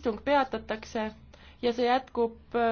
istung peatatakse ja see jätkub äh,